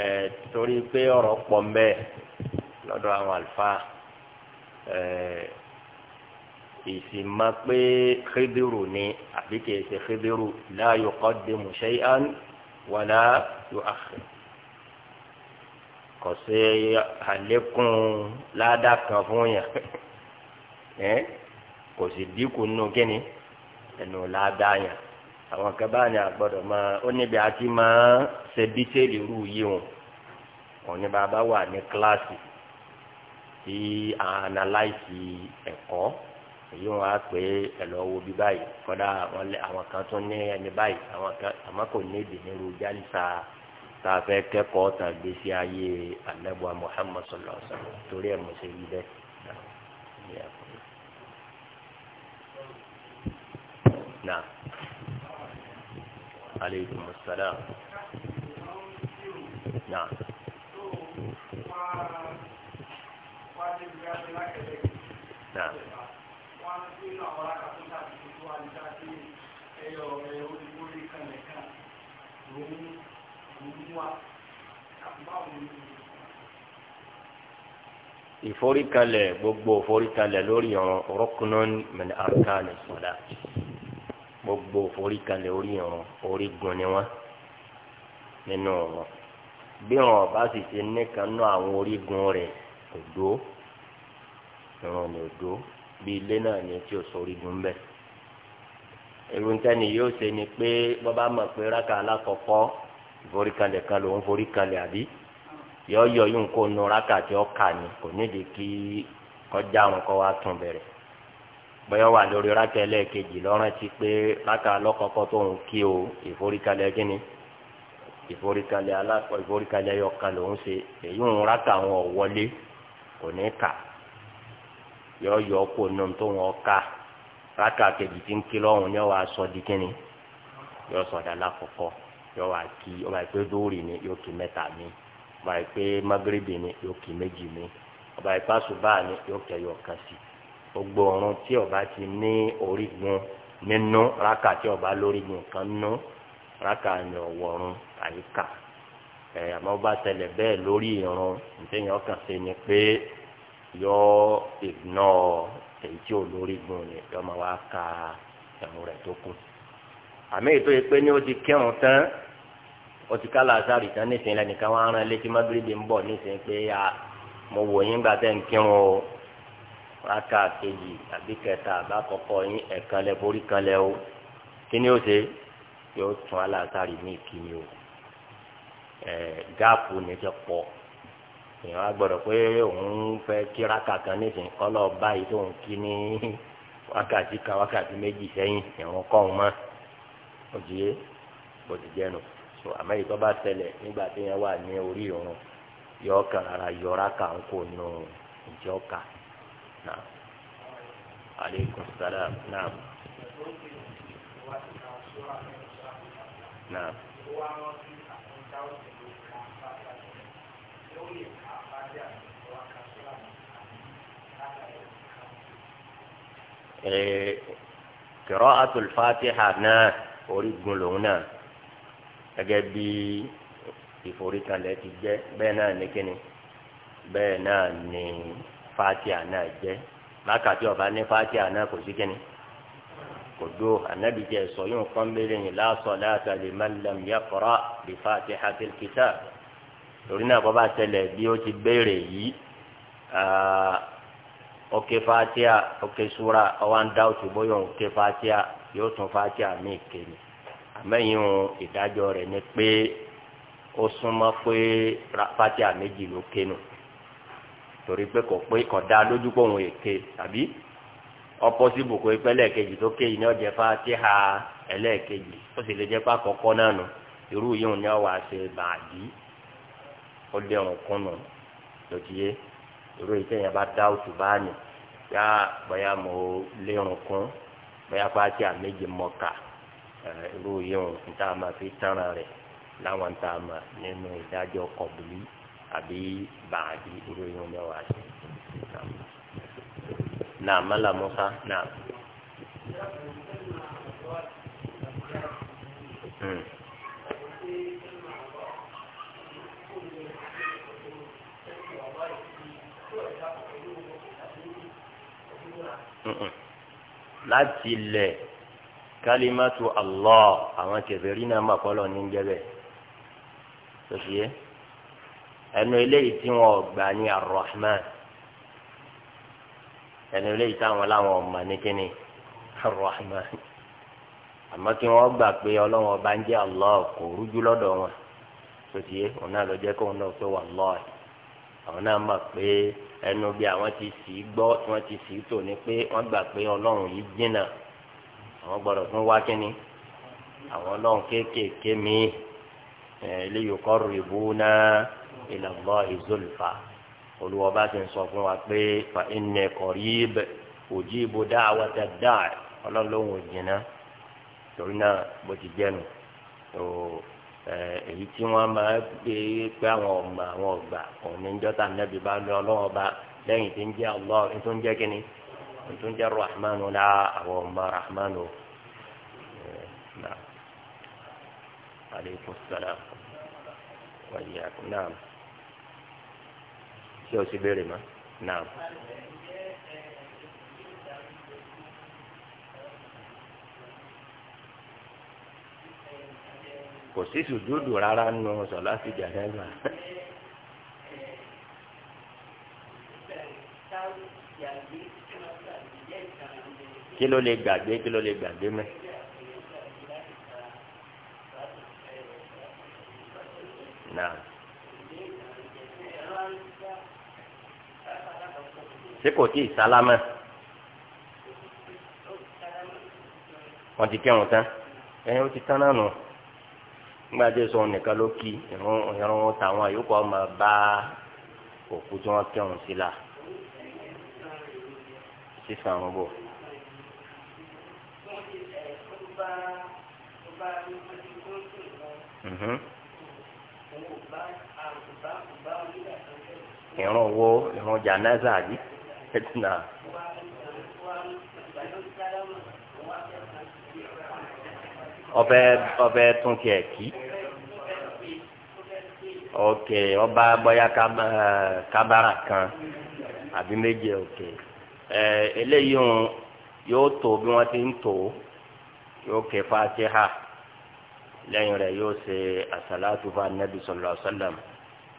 ẹ torí pé ọ̀rọ̀ pọ̀ ń bẹ lọ́dọ̀ àwọn àlùfáà ẹ ìsìnmá pé khidiru ni àbí kìí ṣe khidiru la yuqaddimu shay'an wala yu'akhir kò sí àlékún ládàá kan fún yàn kò sì dínkù nínú kíni ẹnu ládàá yàn àwọn kan bá ní àgbọ̀dọ̀ máa ó níbi àti máa ṣe dítéèlì rú yìí wọn òun ní bàbá wà ní kíláàsì tí a analyse ẹ̀kọ́ èyí wọn á pé ẹ lọ wo bí báyìí kọ́dà àwọn kan tún ní ẹni báyìí àwọn kan àmọ́ kò ní èdè nírú jálísà tá a fẹ́ kẹ́kọ̀ọ́ tàn gbèsè ayé anábọ̀ Muhammad sallallahu alaihi wasallam torí ẹ̀ mọ̀ ṣe yí bẹ́ẹ̀. Now aleykum salaam. نعم. Naam. ìforíkalẹ̀ gbogbo ìforíkalẹ̀ lórí ọ̀rọ̀ rọ́kùnán min arkani sọ̀dá. gbogbo foríkalẹ̀ orí irun orígun ni wọ́n nínú ọ̀rọ̀ bí wọn sì ṣe nìkan àwọn orígun rẹ̀ kò dó dó bí ilé náà ní tí ò sọ orígun bẹ́ẹ̀ yóò ṣe ni pé bọ́bá mọ̀ pé rákà alákọ̀ọ́kọ́ yọ kó nu rákà tí ó kà ní kò nídìí kí kọjá àwọn wa tún bẹ̀rẹ̀. bẹ́ẹ̀ wà lórí rákà ẹlẹ́ẹ̀kejì lọ́rùn ti pé rákà lọ́kọ̀ọ́kọ́ tó ń kí o ìforíkalẹ̀ gíní ìforíkalẹ̀ alákọ̀ ìforíkalẹ̀ yọkan lòún ṣe èyí ń rákà wọn wọlé kò ní kà yọ yọ kó nù tó wọn ká rákà kejì ti ń kí lọ́rùn yọ wá sọ gíní yọ sọdọ̀ alákọ̀ọ́kọ́ yọ wá kí yọ wá pé dóòrì ni yóò kí mẹ́ta mi pé ni yóò kí méjì mi pé ni gbogbo ọ̀run tí ó bá ti ní orígun nínú raka tí ó bá lórígun kan nú raka ni ọ̀wọ̀run àyíká ẹ̀ àmọ́ bá tẹlẹ̀ bẹ́ẹ̀ lórí irun ntẹ̀yìn ọkàn ṣe ni pé yọ ìgbìnà èyí tí ò lórígun ni yọ máa wá ka ẹ̀mú rẹ̀ tó kù àmì ètò yìí pé ní ó ti kírun tán ó ti kálá sáré tán nísìnyí lẹ́nìkan wọ́n á rán létí mábìrìbì ń bọ̀ nísìnyí pé mo wò yín gbà tẹ́ ń kírun o. rákà kejì àbí kẹta àbákọ́kọ́ yín ẹ̀kanlẹ̀ borí kanlẹ̀ o kí ni ó ṣe yóò tún aláàtàrí ní ìkíni o ẹ̀ gáàpù ní ti pọ̀ èèyàn á gbọ́dọ̀ pé òun fẹ́ kí rákà kan nísìnyí kọ́ báyìí tó ń kí ní wákàtí kan wákàtí méjì sẹ́yìn ẹ̀wọ̀n kọ́ ọ̀hún mọ́ òjìye bòdìjẹ́nu so àmẹ́yìí tó bá ṣẹlẹ̀ nígbà tí yẹn wà ní orí òun yọ ọkàn ara yọ rákà ń kó nù ìjọ kà. نعم عليكم السلام نعم نعم إيه، قراءة الفاتحة نا أريد ملونا أجابي في فوريتا التي bẹ́ẹ̀ نكني ní نكني fatia náà jẹ bákàtí ọba ní fatia náà kò sí kíni kò dó anabi jẹ sọ yóò kàn bẹ́lẹ̀ yìí la salata liman lam yaqra bi fatihatil kitab torí náà bọ́ bá tẹlẹ̀ bí ó ti béèrè yìí ọkẹ fatia ọkẹ sura ọwọ́ ń dá òtún bóyá ọkẹ fatia yóò tún fatia mí kéde àmẹ́yìn ìdájọ́ rẹ̀ ni pé ó súnmọ́ pé fatia méjì ló kénu torí pé kò pé kò dá lójú pé òun èké tàbí ọpọsibù kò pé lẹ́ẹ̀kejì tó ké yìí ní ọjà fatiha ẹlẹ́ẹ̀kejì ó sì lè jẹ́ pé àkọ́kọ́ náà nù irú yìí òun ní ọwọ́ àṣẹ bàdí ó lé òun kún nù lòdìyẹ irú yìí tẹ̀yìn bá dá òtù bá nì yá bóyá mo lé òun kún bóyá fatiha méje mọ́ka irú yìí òun níta máa fi tán ara rẹ̀ láwọn tá a mọ̀ nínú ìdájọ́ kọ̀bùlì àbí bàájì ìròyìn ọmọ wa ṣe. Nàá mọ́lá Musa náà. Hmm. láti ilẹ̀ kálímátù Allah àwọn kẹfẹ́ rí náà mà kọ́ ní jẹ́bẹ̀. Sọ̀fìyẹ́. So, ẹnu eléyìí tí wọn gbà ní arrahman ẹnu eléyìí táwọn láwọn ọmọ ní kíni arrahman àmọ́ kí wọn gbà pé Ọlọ́run ọba ń jẹ́ allah kò lọ́dọ̀ wọn sotie wọn náà lọ jẹ kó wọn náà pé wallahi àwọn náà mọ̀ pé ẹnu bí àwọn ti sì gbọ́ tí wọn ti sì tò ní pé wọn gbà pé Ọlọ́run yìí jìnnà àwọn wá kíni àwọn kéékèèké mi ẹ yòókọ rìbú ila Allahi zulfa olùwọ́ba ti ń sọ fún wa pé fa inni qarib ujibu da'wata da'i ọlọ́run ló ń wò jìnnà torí náà bó ti jẹ́nu tó èyí tí wọ́n máa gbé pé àwọn ọ̀gbà àwọn ọ̀gbà òun ní jọ́ta nẹ́bí bá lọ ọlọ́wọ́ bá lẹ́yìn tí ń jẹ́ Allah tó ń jẹ́ kínní tó ń jẹ́ rahman la àwọn ọmọ rahman o na aleykum salaam wa ṣé o sì béèrè mọ́ náà. kò sí sùjúdù rárá nù sọlá ti jàdẹ́gbà. kí ló lè gbàgbé kí ló lè gbàgbé mẹ́. ṣé kò tí ì sálámà wọ́n ti kírun tán ẹ̀yin ó ti tán náà nù nígbà tí sọ nìkan ló kí ìrún ìrún tàwọn àyókù ọmọ bá òkú tí wọ́n kírun sí la sísan àwọn bò. Mhm. ìrún wo ìrún jàǹdà sáà yìí. نعم ọbẹ̀ ọbẹ̀ tún tiẹ̀ kí ok ọba bọ́yá kábàrà kan àbí méje ok ẹ eléyìí ń yóò tó bí wọ́n ti ń tó yóò ké fatiha lẹ́yìn rẹ̀ yóò ṣe asàlátù fún anabi sallallahu alaihi wasallam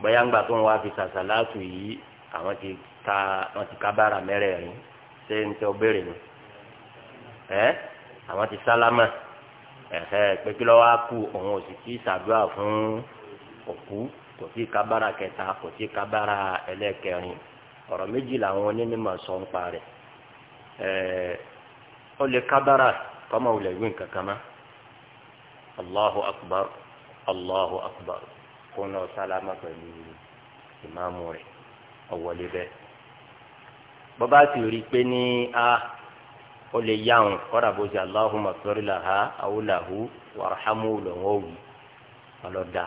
bọ́yá ńgbà tó ń wá fi sàsàlátù yìí àwọn ti ka wọn ti ka bára mẹ́rẹ̀ẹ̀rin ṣé n tẹ ọ béèrè ni ẹ àwọn ti sálámà ẹhẹ pé kí ló wá kú òun ò sì kí ṣàdúrà fún òkú kò sí ka bára kẹta kò sí ka bára méjì làwọn onímọ̀ sọ ń parẹ́ ẹ̀ẹ́ ó lè kábàrà kọ́mọ wulẹ̀ wí nǹkan ma allahu akbar allahu akbar kó náà sálámà pẹ̀lú ìmáàmù rẹ̀ bọ́bá sì rí i pé ní a ó lè yá òun kọ́dà bó ṣe aláhùnmá sọ́rí làhá àwòlàhù wàhámù lọ́wọ́ òwì ọlọ́dà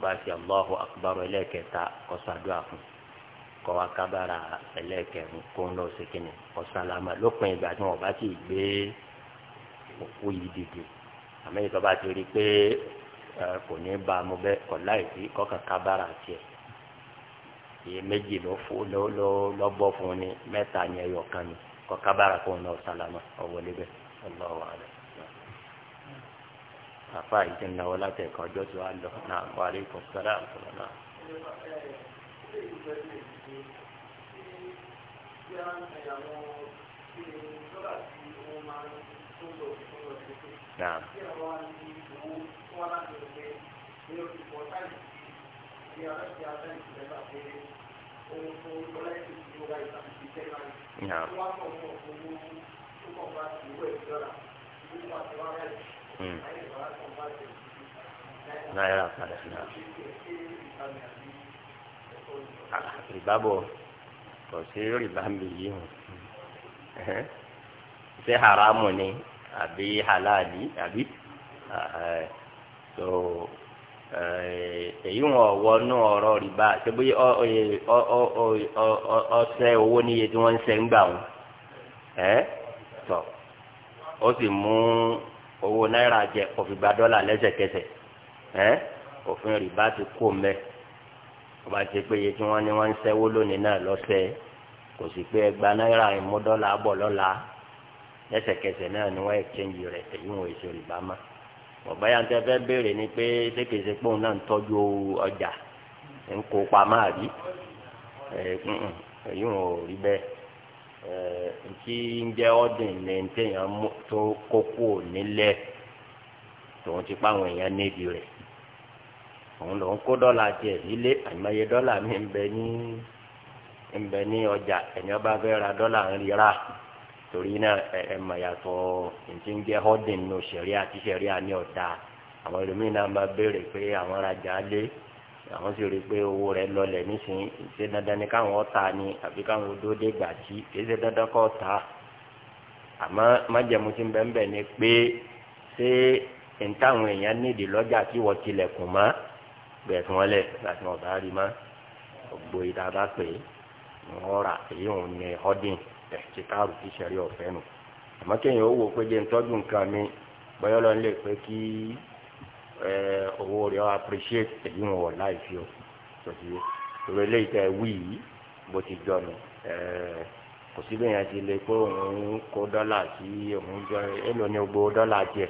bá ṣe aláhù akbar ẹlẹ́kẹta kọ́sàdúrà fún kọ́wá kábàrà ẹlẹ́kẹrin kó ń lọ sí kínní kọ́sàlámà lópin ìgbà tí wọ́n bá ti gbé òkú yìí dìde àmì ìtọ́ ti rí i pé kò ní bá a mú bẹ́ẹ̀ kọ́ láì sí kọ́kàn kábàrà tiẹ̀ méjì ló fún ló ló ló bọ́ fún ni mẹ́ta ni ẹyọ kan ni kọ kábàárà kó ń lọ sàlámà ọwọ́ lébẹ̀ ọlọ́wọ́ rẹ̀ àfa yìí ti ń náwó láti ẹ̀kọ́ ọjọ́ tó wà lọ náà wà á rí kò náà. Naam náírà padà náà àrìbábọ̀ kò sí rìbá mi yìí hàn ṣé haramu ni àbí halali àbí so. èyí wọn wọnú ọ̀rọ̀ rìbá ṣebí ọsẹ owó níye tí wọn ń sẹ ń gbà wọn ẹ tọ ó sì mú owó náírà jẹ òfìgbà dọ́là l'ẹsẹkẹsẹ ẹ òfin rìbá ti kó mẹ wọn bá ti pé iye tí wọn ní wọn ń sẹwó lónìí náà kò sì pé náírà náà ni wọn ẹ kéńjì rẹ èyí ọ̀báyà tẹ fẹ́ béèrè ni pé lékèsè pé òun náà ń tọ́jú ọjà ń kó pamọ́ àbí èyí ò rí bẹ́ẹ̀ ntí ń jẹ́ ọ́dìn ní téèyàn tó kókó nílẹ̀ tòun ti pa àwọn èèyàn níbi rẹ̀ òun lòun kó dọ́là tiẹ̀ nílé àyìnbáyé dọ́là mi ń bẹ ní ń bẹ ní ọjà ẹ̀yìn ọba fẹ́ ra dọ́là ń rira torí náà ẹ ẹ mọ̀ yàtọ̀ ntí ń jẹ́ holding nù sẹ̀ríà tí sẹ̀ríà ní ọ̀tá àwọn ẹlòmíín náà máa béèrè pé àwọn rajà lé àwọn sì rí i pé owó rẹ̀ lọlẹ̀ nísìnyí ṣé dandan ni káwọn ọ̀tá ni àbí káwọn odó dé gbà tí kì í ṣe dandan kọ́ ọ̀tá àmọ́ májẹ̀mú ti bẹ́ẹ̀ ni pé ṣé ntáwọn èèyàn nídìí lọ́jà tí wọ́n tilẹ̀kùn mọ́ bẹ́ẹ̀ fún láti wọn bá rí mọ́ gbogbo bá pè é wọ́n rà èyí òun ni holding. ẹ̀kítàrù tí sẹ̀rí ọ̀fẹ́ nù àmọ́ kéèyàn ó wo pé jẹ́ ntọ́jú nǹkan mi bọ́yọ́ lọ nílé pé kí owó rẹ̀ ọ́ appreciate èyí wọn wọ̀ fi o tòtí ìwé eléyìí tẹ wí yìí bó ti jọ nù kò sí yẹn ti lè kó òun kó dọ́là tí òun jọ èlò ní gbogbo dọ́là jẹ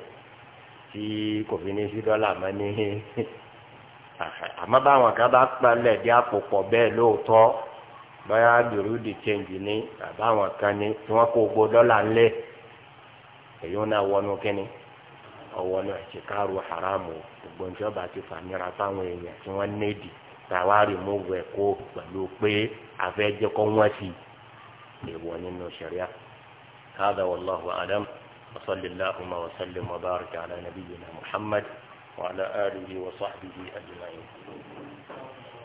tí kò fi ní sí dọ́là mọ́ ní àmọ́ báwọn kan bá palẹ̀ dé àpò pọ̀ bẹ́ẹ̀ lóòótọ́. báyà bìrúdì chẹ́ǹjì ní àbáwọn kan ní tí wọ́n kó gbó dọ́là ńlẹ̀ èyí náà wọnú kínní ọwọ́ náà ṣìkàrù haramu gbogbo ní ọba ti fàmìlà fáwọn èèyàn tí wọ́n nídìí tàwa rìmúvù ẹ̀kọ́ pẹ̀lú pé àfẹ́jẹ́kọ́ wọ́n sì èèwọ̀ nínú ṣẹ̀ríà. هذا والله أعلم وصل اللهم وسلم وبارك على نبينا محمد وعلى آله وصحبه أجمعين